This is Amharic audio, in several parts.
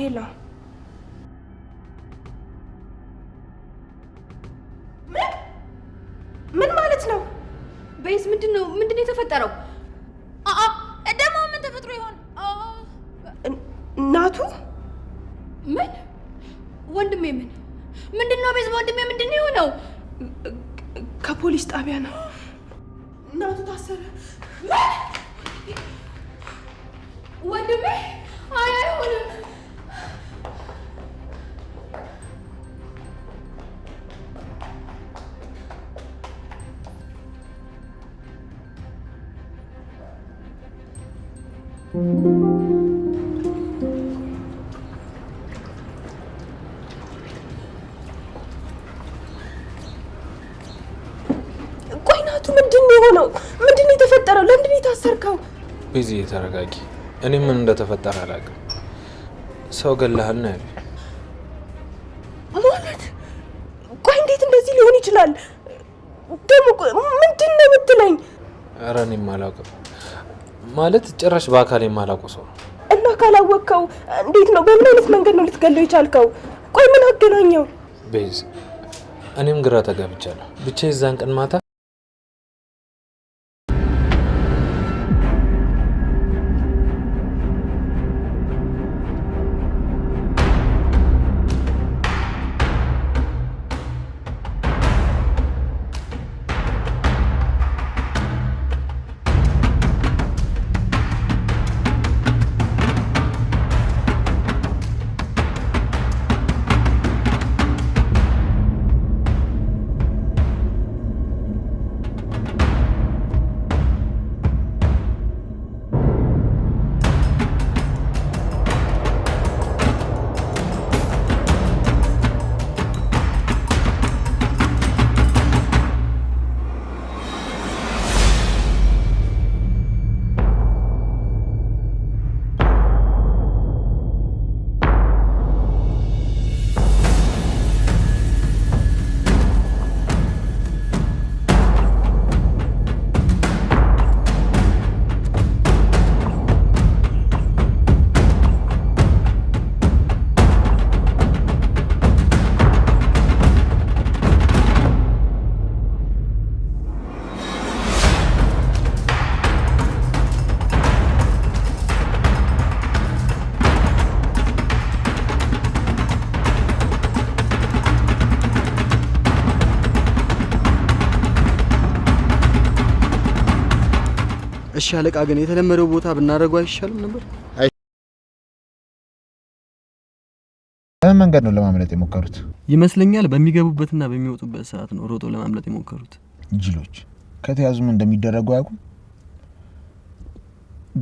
ሄሎ፣ ምን ማለት ነው? በይስ ምንድን ነው ምንድን ነው የተፈጠረው? ደግሞ ምን ተፈጥሮ ይሆን? እናቱ ምን ወንድሜ ምን ምንድን ነው ቤዝ ወንድሜ ምንድን ነው የሆነው? ከፖሊስ ጣቢያ ነው እናቱ ታሰረ። ወንድሜ አይ አይሆንም። ቆይ ምንድን ነው የሆነው? ምንድን ነው የተፈጠረው? ለምንድን ነው የታሰርከው? ቤዚ ተረጋጊ። እኔ ምን እንደተፈጠረ አላውቅም። ሰው ገላህል ነው ያሉኝ ማለት። ቆይ እንዴት እንደዚህ ሊሆን ይችላል? ደግሞ ምንድን ነው የምትለኝ? ኧረ እኔም አላውቅም። ማለት ጭራሽ በአካል የማላውቀው ሰው ነው። እና ካላወቅከው እንዴት ነው? በምን አይነት መንገድ ነው ልትገለው የቻልከው? ቆይ ምን አገናኘው? ቤዝ፣ እኔም ግራ ተጋብቻለሁ። ብቻ የዛን ቀን ማታ ሻለቃ ግን የተለመደው ቦታ ብናደርገው አይሻልም ነበር? በምን መንገድ ነው ለማምለጥ የሞከሩት? ይመስለኛል በሚገቡበትና በሚወጡበት ሰዓት ነው ሮጦ ለማምለጥ የሞከሩት። ጅሎች ከተያዙም እንደሚደረጉ አያውቁም።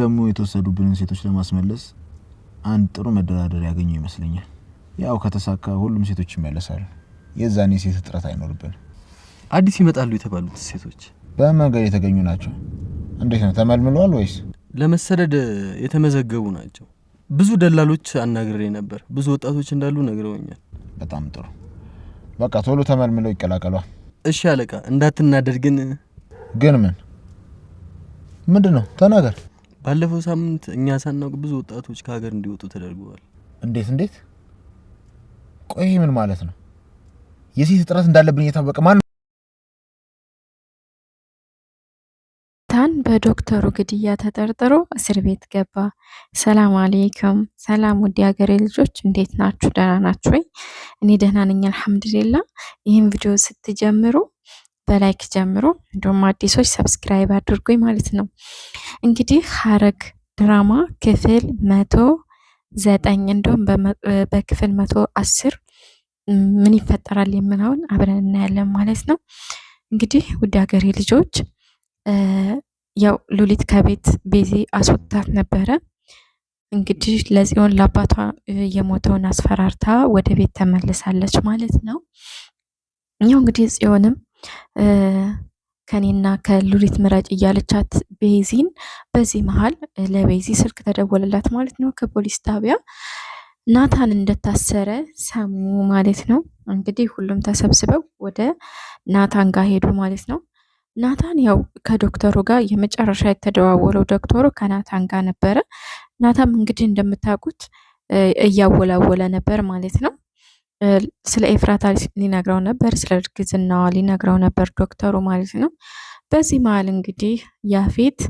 ደግሞ የተወሰዱብንን ሴቶች ለማስመለስ አንድ ጥሩ መደራደር ያገኙ ይመስለኛል። ያው ከተሳካ ሁሉም ሴቶች ይመለሳሉ። የዛኔ ሴት እጥረት አይኖርብን። አዲስ ይመጣሉ የተባሉት ሴቶች በመንገድ የተገኙ ናቸው። እንዴት ነው ተመልምለዋል ወይስ? ለመሰደድ የተመዘገቡ ናቸው። ብዙ ደላሎች አናግሬ ነበር። ብዙ ወጣቶች እንዳሉ ነግረውኛል። በጣም ጥሩ። በቃ ቶሎ ተመልምለው ይቀላቀሏል። እሺ አለቃ፣ እንዳትናደድ ግን ግን ምን ምንድን ነው ተናገር። ባለፈው ሳምንት እኛ ሳናውቅ ብዙ ወጣቶች ከሀገር እንዲወጡ ተደርገዋል። እንዴት እንዴት? ቆይ ምን ማለት ነው? የሴት እጥረት እንዳለብን እየታወቀ ማን በዶክተሩ ግድያ ተጠርጥሮ እስር ቤት ገባ። ሰላም አሌይኩም። ሰላም ውድ ሀገሬ ልጆች እንዴት ናችሁ? ደህና ናችሁ ወይ? እኔ ደህና ነኝ አልሐምድሌላ። ይህን ቪዲዮ ስትጀምሩ በላይክ ጀምሩ፣ እንዲሁም አዲሶች ሰብስክራይብ አድርጉኝ ማለት ነው። እንግዲህ ሀረግ ድራማ ክፍል መቶ ዘጠኝ እንዲሁም በክፍል መቶ አስር ምን ይፈጠራል የምለውን አብረን እናያለን ማለት ነው። እንግዲህ ውድ ሀገሬ ልጆች ያው ሉሊት ከቤት ቤዚ አስወጥታት ነበረ። እንግዲህ ለጽዮን ለአባቷ የሞተውን አስፈራርታ ወደ ቤት ተመልሳለች ማለት ነው። ያው እንግዲህ ጽዮንም ከኔና ከሉሊት ምረጭ እያለቻት ቤዚን፣ በዚህ መሀል ለቤዚ ስልክ ተደወለላት ማለት ነው ከፖሊስ ጣቢያ ናታን እንደታሰረ ሰሙ ማለት ነው። እንግዲህ ሁሉም ተሰብስበው ወደ ናታን ጋር ሄዱ ማለት ነው። ናታን ያው ከዶክተሩ ጋር የመጨረሻ የተደዋወለው ዶክተሩ ከናታን ጋር ነበረ። ናታም እንግዲህ እንደምታውቁት እያወላወለ ነበር ማለት ነው። ስለ ኤፍራታ ሊነግረው ነበር፣ ስለ እርግዝናዋ ሊነግረው ነበር ዶክተሩ ማለት ነው። በዚህ መሀል እንግዲህ ያፌት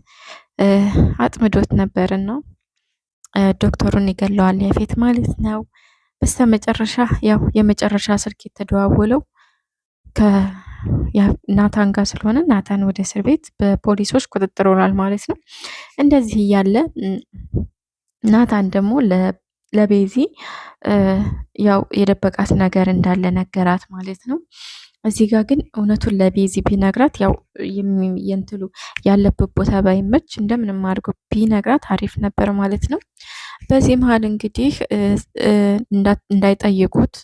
አጥምዶት ነበርና ዶክተሩን ይገለዋል ያፌት ማለት ነው። መጨረሻ ያው የመጨረሻ ስልክ የተደዋወለው ናታን ጋር ስለሆነ ናታን ወደ እስር ቤት በፖሊሶች ቁጥጥር ሆኗል ማለት ነው። እንደዚህ እያለ ናታን ደግሞ ለቤዚ ያው የደበቃት ነገር እንዳለ ነገራት ማለት ነው። እዚህ ጋር ግን እውነቱን ለቤዚ ቢነግራት ያው የንትሉ ያለበት ቦታ ባይመች እንደምንም አድርጎ ቢነግራት አሪፍ ነበር ማለት ነው። በዚህ መሀል እንግዲህ እንዳይጠይቁት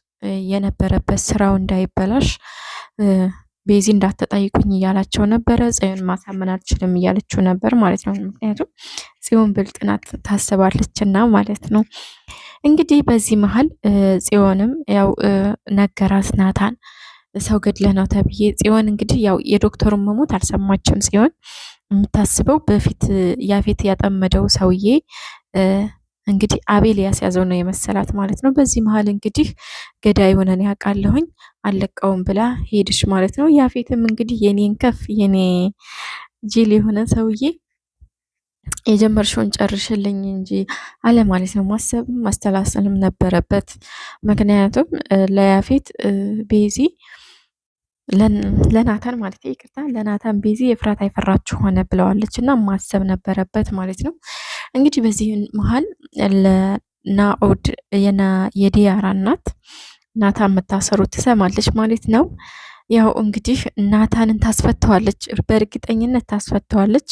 የነበረበት ስራው እንዳይበላሽ ቤዚ እንዳትጠይቁኝ እያላቸው ነበረ። ጽዮን ማሳመን አልችልም እያለችው ነበር ማለት ነው። ምክንያቱም ጽዮን ብልጥ ናት ታስባለችና ማለት ነው። እንግዲህ በዚህ መሀል ጽዮንም ያው ነገራት ናታን ሰው ገድለ ነው ተብዬ። ጽዮን እንግዲህ ያው የዶክተሩን መሞት አልሰማችም። ጽዮን የምታስበው በፊት ያፌት ያጠመደው ሰውዬ እንግዲህ አቤል ያስያዘው ነው የመሰላት ማለት ነው። በዚህ መሀል እንግዲህ ገዳይ ሆነን ያውቃለሁኝ አለቀውም ብላ ሄድሽ ማለት ነው። ያፌትም እንግዲህ የኔን ከፍ የኔ ጅል የሆነ ሰውዬ የጀመርሽውን ጨርሽልኝ እንጂ አለ ማለት ነው። ማሰብም ማስተላሰልም ነበረበት። ምክንያቱም ለያፌት ቤዚ ለናታን ማለት ይቅርታ፣ ለናታን ቤዚ የፍራት አይፈራችሁ ሆነ ብለዋለች እና ማሰብ ነበረበት ማለት ነው። እንግዲህ በዚህ መሀል ለናኦድ የዲያራ እናት ናታ የምታሰሩ ትሰማለች ማለት ነው። ያው እንግዲህ ናታንን ታስፈተዋለች፣ በእርግጠኝነት ታስፈተዋለች።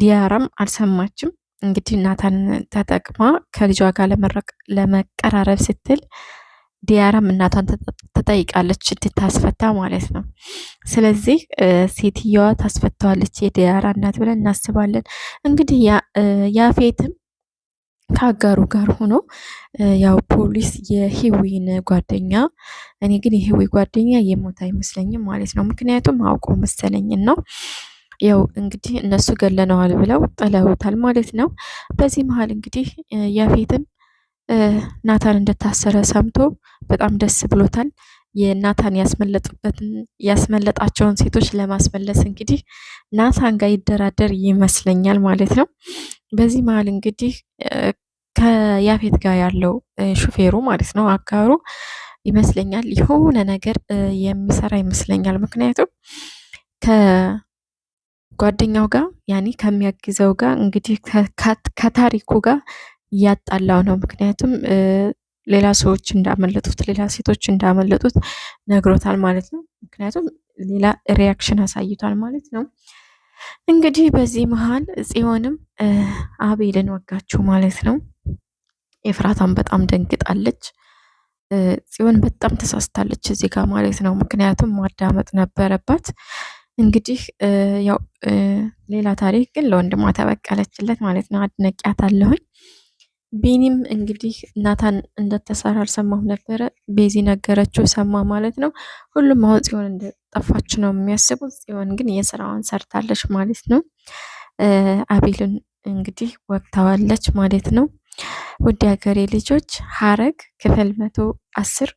ዲያራም አልሰማችም። እንግዲህ ናታን ተጠቅማ ከልጇ ጋር ለመቀራረብ ስትል ዲያራም እናቷን ጠይቃለች እንድታስፈታ ማለት ነው። ስለዚህ ሴትየዋ ታስፈታዋለች የዲያራ እናት ብለን እናስባለን። እንግዲህ ያፌትም ከአጋሩ ጋር ሆኖ ያው ፖሊስ የህዊን ጓደኛ እኔ ግን የሂዊ ጓደኛ የሞት አይመስለኝም ማለት ነው። ምክንያቱም አውቆ መሰለኝን ነው ያው እንግዲህ እነሱ ገለነዋል ብለው ጥለውታል ማለት ነው። በዚህ መሀል እንግዲህ ያፌትም ናታን እንደታሰረ ሰምቶ በጣም ደስ ብሎታል። የናታን ያስመለጣቸውን ሴቶች ለማስመለስ እንግዲህ ናታን ጋር ይደራደር ይመስለኛል ማለት ነው። በዚህ መሀል እንግዲህ ከያፌት ጋር ያለው ሹፌሩ ማለት ነው አጋሩ ይመስለኛል የሆነ ነገር የሚሰራ ይመስለኛል። ምክንያቱም ከጓደኛው ጋር ያኔ ከሚያግዘው ጋር እንግዲህ ከታሪኩ ጋር እያጣላው ነው። ምክንያቱም ሌላ ሰዎች እንዳመለጡት ሌላ ሴቶች እንዳመለጡት ነግሮታል ማለት ነው። ምክንያቱም ሌላ ሪያክሽን አሳይቷል ማለት ነው። እንግዲህ በዚህ መሀል ጽዮንም አቤልን ወጋችው ማለት ነው። ኤፍራታን በጣም ደንግጣለች። ጽዮን በጣም ተሳስታለች እዚህ ጋር ማለት ነው። ምክንያቱም ማዳመጥ ነበረባት። እንግዲህ ያው ሌላ ታሪክ ግን ለወንድሟ ተበቀለችለት ማለት ነው። አለሁኝ። ቤኒም እንግዲህ ናታን እንደተሰራ አልሰማሁም ነበረ። ቤዚ ነገረችው ሰማ ማለት ነው። ሁሉም አሁን ጽዮን እንደጠፋች ነው የሚያስቡት። ጽዮን ግን የስራዋን ሰርታለች ማለት ነው። አቤልን እንግዲህ ወቅታዋለች ማለት ነው። ውድ ሀገሬ ልጆች ሀረግ ክፍል መቶ አስር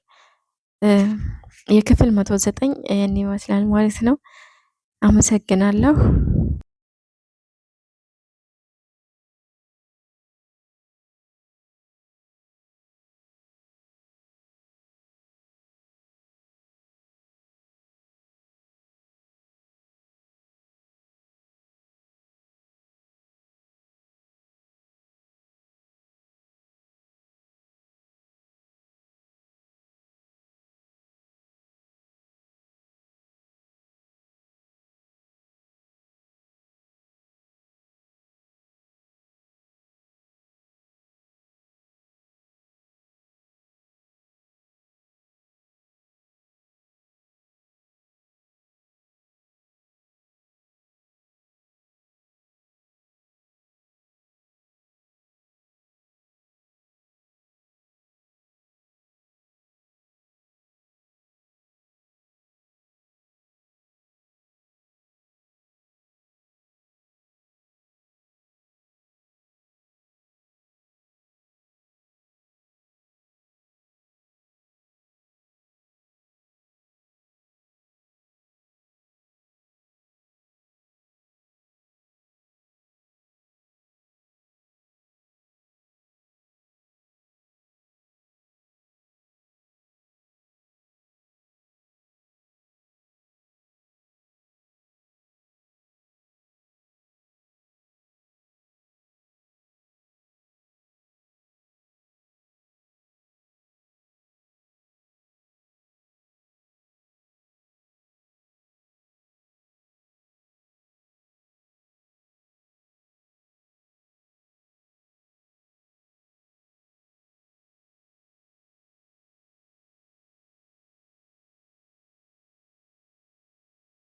የክፍል መቶ ዘጠኝ ይህን ይመስላል ማለት ነው። አመሰግናለሁ።